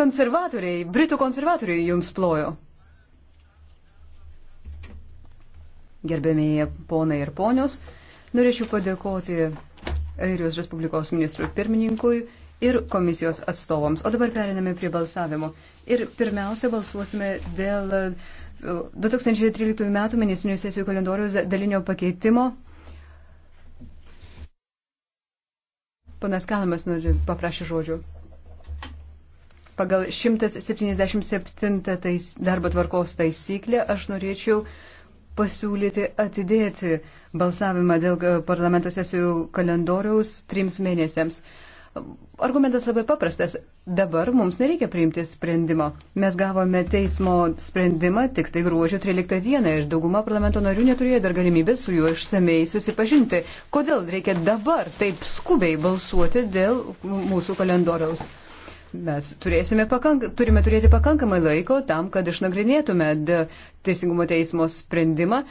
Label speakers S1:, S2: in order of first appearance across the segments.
S1: konservatoriai, britų konservatoriai jums plojo. Gerbėmėje ponai ir ponios, norėčiau padėkoti Airijos Respublikos ministrui pirmininkui ir komisijos atstovams. O dabar periname prie balsavimo. Ir pirmiausia, balsuosime dėl 2013 m. mėnesinių sesijų kalendoriaus dalinio pakeitimo. Panas Kalamas nori paprašė žodžių pagal 177 tais, darbo tvarkos taisyklę aš norėčiau pasiūlyti atidėti balsavimą dėl e, parlamento sesijų kalendoriaus trims mėnesiams. Argumentas labai paprastas. Dabar mums nereikia priimti sprendimo. Mes gavome teismo sprendimą tik tai gruodžio 13 dieną ir dauguma parlamento narių neturėjo dar galimybės su juo išsamei susipažinti. Kodėl reikia dabar taip skubiai balsuoti dėl mūsų kalendoriaus? mes pakank, turime turėti pakankamai laiko tam, kad išnagrinėtume Teisingumo teismo sprendimą,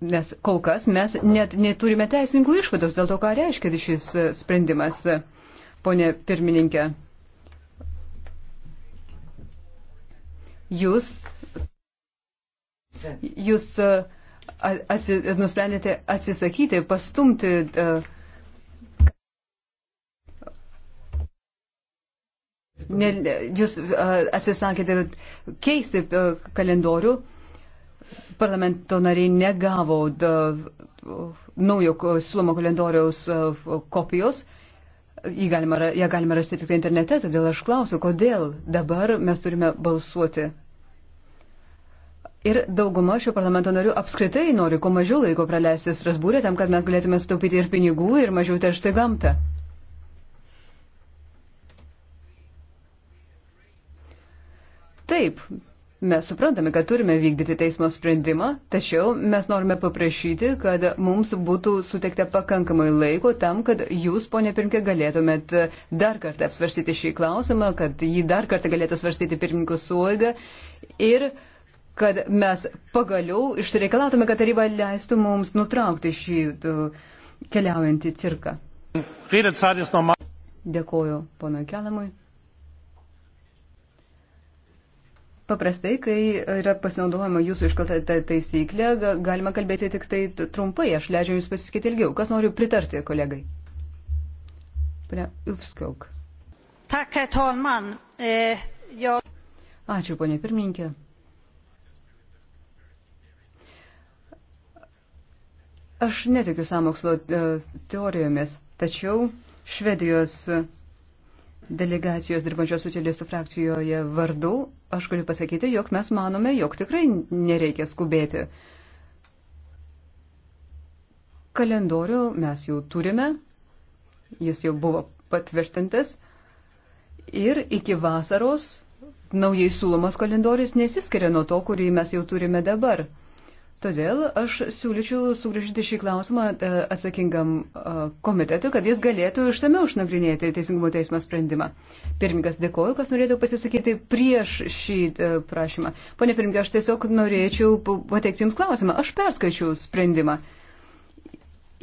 S1: nes kol kas mes net neturime teisininkų išvados dėl to, ką reiškia šis e, sprendimas, ponė pirmininkė. Jūs, jūs e, a, asi, nusprendėte atsisakyti, pastumti. Uh, ne, jūs atsisakėte keisti kalendorių, parlamento nariai negavo da, naujo siūlomo kalendoriaus kopijos. Jį galima, ją galima rasti tik internete, todėl aš klausiu, kodėl dabar mes turime balsuoti. Ir dauguma šio parlamento narių apskritai nori kuo mažiau laiko praleisti Strasbūrė, tam, kad mes galėtume sutaupyti ir pinigų, ir mažiau teršti gamtą. Taip, mes suprantame, kad turime vykdyti teismo sprendimą, tačiau mes norime paprašyti, kad mums būtų suteikta pakankamai laiko tam, kad jūs, ponė pirmkė, galėtumėt dar kartą apsvarstyti šį klausimą, kad jį dar kartą galėtų svarstyti pirmininkų suoiga ir kad mes pagaliau išsireikalautume, kad taryba leistų mums nutraukti šį keliaujantį cirką. Dėkoju ponui Kelamui. Paprastai, kai yra pasinaudojama jūsų iškalta taisyklė, galima kalbėti tik tai trumpai, aš leidžiu jūs pasiskyti ilgiau. Kas noriu pritarti kolegai? Pane Ufskiauk. Eh, Ačiū, ponė pirmininkė. Aš netikiu samokslo e, teorijomis, tačiau Švedijos delegacijos dirbančios socialistų frakcijoje vardu, aš galiu pasakyti, jog mes manome, jog tikrai nereikia skubėti. Kalendorių mes jau turime, jis jau buvo patvirtintas ir iki vasaros naujai siūlomas kalendorius nesiskiria nuo to, kurį mes jau turime dabar. Todėl aš siūlyčiau sugrįžti šį klausimą e, atsakingam e, komitetui, kad jis galėtų išsameu išnagrinėti Teisingumo teismo sprendimą. Pirmininkas, dėkoju, kas norėtų pasisakyti prieš šį e, prašymą. Pone pirmininkai, aš tiesiog norėčiau pateikti Jums klausimą. Aš perskaičiau sprendimą.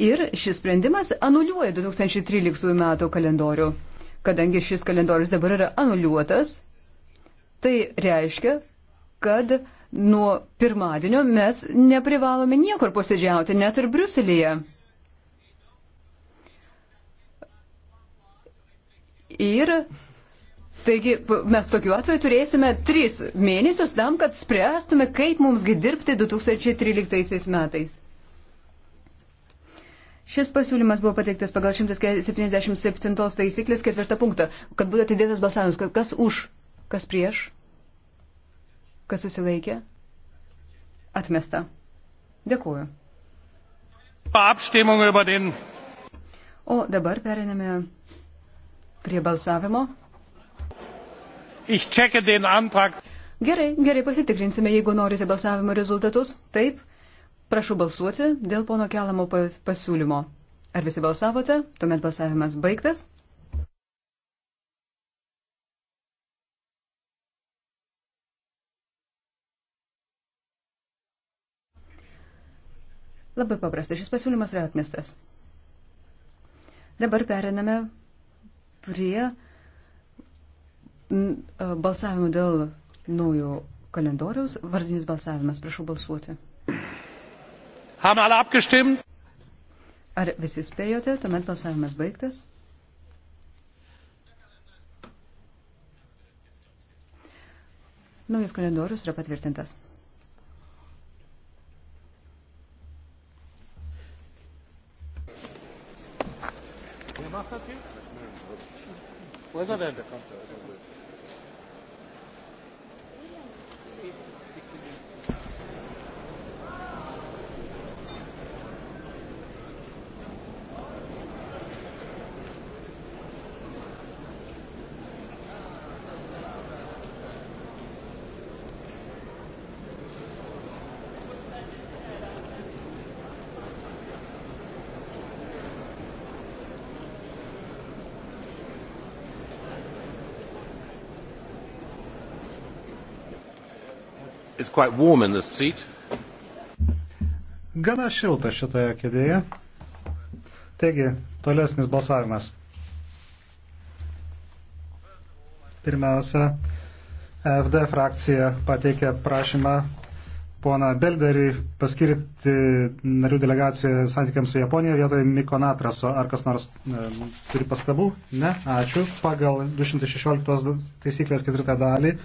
S1: Ir šis sprendimas anuliuoja 2013 metų kalendorių. Kadangi šis kalendorius dabar yra anuliuotas, tai reiškia, kad uh, nuo pirmadienio mes neprivalome niekur posėdžiauti, net ir Briuselėje. Ir taigi mes tokiu atveju turėsime tris mėnesius tam, kad spręstume, kaip mumsgi dirbti 2013 metais. Šis pasiūlymas buvo pateiktas pagal 177 taisyklės ketvirtą punktą, kad būtų atidėtas balsavimas, kas už, kas prieš Kas susilaikė? Atmesta. Dėkuoju. O dabar periname prie balsavimo. Gerai, gerai pasitikrinsime, jeigu norite balsavimo rezultatus. Taip, prašau balsuoti dėl pono keliamo pasiūlymo. Ar visi balsavote? Tuomet balsavimas baigtas. Labai paprasta, šis pasiūlymas yra atmestas. Dabar periname prie mm, balsavimo dėl naujo kalendoriaus. Vardinis balsavimas, prašau balsuoti. Ar visi spėjote, tuomet balsavimas baigtas? Naujas kalendorius yra patvirtintas. Wer macht das jetzt? Wo ist er denn? Der kommt da. It's quite warm in this seat. Gana šilta šitoje kėdėje. Taigi, tolesnis balsavimas. Pirmiausia, FD frakcija pateikė prašymą poną Belderį paskirti narių delegaciją santykiams su Japonija vietoje Miko Natraso. Ar kas nors e, turi pastabų? Ne, ačiū. Pagal 216 taisyklės ketvirtą dalį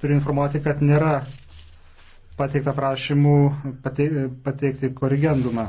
S1: turiu informuoti, kad nėra pateikta prašymų pateikti korigendumą.